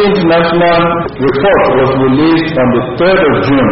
International report was released on the 3rd of June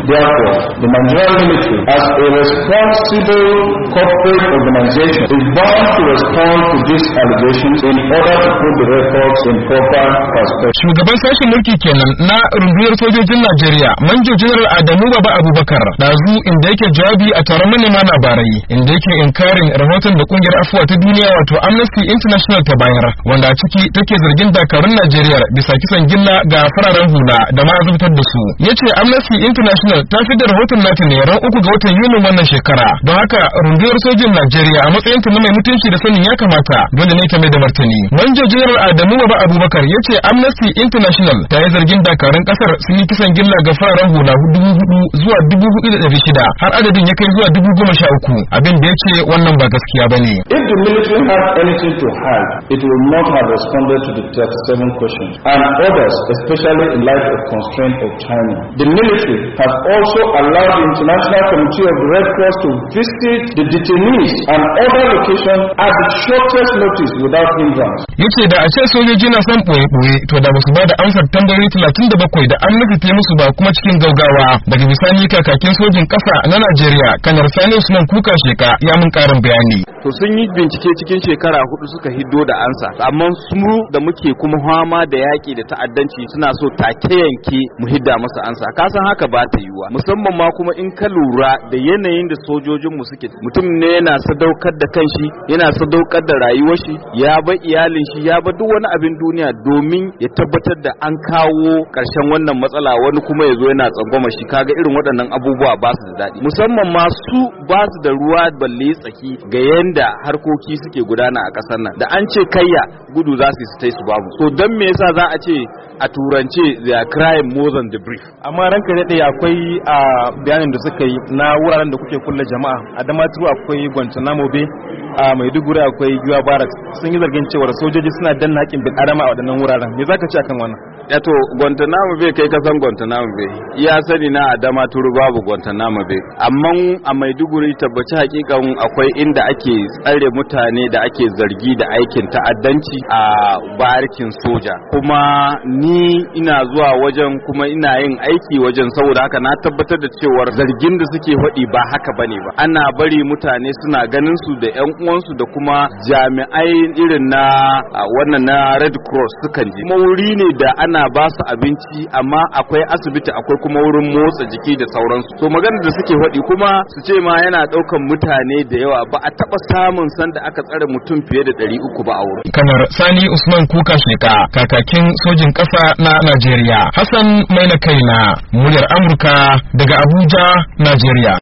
2015. Therefore, the Nigerian military, as a responsible corporate organization, is bound to respond to these allegations in order to put the records in proper perspective. Shugaban sashen mulki kenan na rundunar sojojin Najeriya, Manjo General Adamu Baba Abubakar, ɗazu inda yake jawabi a taron manema labarai, inda yake inkarin rahoton da kungiyar afuwa ta duniya wato Amnesty International ta bayar, wanda a ciki take zargin dakarun Najeriya Najeriya bisa kisan gilla ga fararen hula da ma azubtar da su. Ya ce Amnesty International ta fi da rahoton nata ne ran uku ga watan yuni wannan shekara. Don haka rundunar sojin Najeriya a matsayin ta na mai mutunci da sanin ya kamata dole ne ta mai da martani. Manja General Adamu Baba Abubakar ya ce Amnesty International ta yi zargin dakarun kasar sun yi kisan gilla ga fararen hula dubu hudu zuwa dubu hudu da ɗari shida har adadin ya kai zuwa dubu goma sha uku abin da ya ce wannan ba gaskiya ba ne. If the military had anything to hide, it would not have responded to the 37 questions, and others, especially in light of constraint of China. The military has also allowed the International Committee of the Red Cross to visit the detainees and other locations at the shortest notice without hindrance. Yace da a ce sojoji na son ɓoye we to da basu ba da amsar tambayoyi 37 da an nufi musu ba kuma cikin gaugawa daga bisani kakakin sojin ƙasa na Najeriya kanar Sani Usman Kuka Sheka ya mun ƙarin bayani. to sun yi bincike cikin shekara hudu suka hiddo da ansa amma su da muke kuma hama da yaki da ta'addanci suna so take yanke mu hidda masa ansa ka san haka ba ta yiwuwa musamman ma kuma in ka lura da yanayin da sojojin mu suke mutum ne yana sadaukar da kanshi yana sadaukar da rayuwar shi ya ba iyalin shi ya ba duk wani abin duniya domin ya tabbatar da an kawo karshen wannan matsala wani kuma ya zo yana tsangwama shi kaga irin waɗannan abubuwa ba su da daɗi musamman ma su ba su da ruwa balle tsaki ga yanda Da harkoki suke gudana a ƙasar nan da an ce kayya gudu za su su su babu so don me yasa za a ce a turance they are crying more than the brief amma ranka dai akwai a bayanin da suka yi na wuraren da kuke kulle jama'a a damaturu akwai guantanamo bay a maiduguri akwai giwa barracks sun yi zargin cewar sojoji suna danna haƙƙin bil'adama a waɗannan wuraren me zaka ka ce akan wannan to guantanamo bay kai kasan guantanamo bay ya sani na adama turu babu guantanamo bay amma a maiduguri tabbaci hakikan akwai inda ake tsare mutane da ake zargi da aikin ta'addanci a barikin soja kuma ni ina zuwa wajen kuma ina yin aiki wajen saboda haka na tabbatar da cewar zargin da suke faɗi ba haka bane ba ana bari mutane suna ganin su da yan uwansu da kuma jami'ai irin na wannan na red cross sukan je mauri ne da ana ana ba su abinci amma akwai asibiti akwai kuma wurin motsa jiki da sauransu to magana da suke faɗi kuma su ce ma yana ɗaukan mutane da yawa ba a taɓa samun sanda aka tsare mutum fiye da ɗari uku ba a wurin. kamar sani usman kuka shika kakakin sojin ƙasa na najeriya hassan maina kaina muryar amurka daga abuja najeriya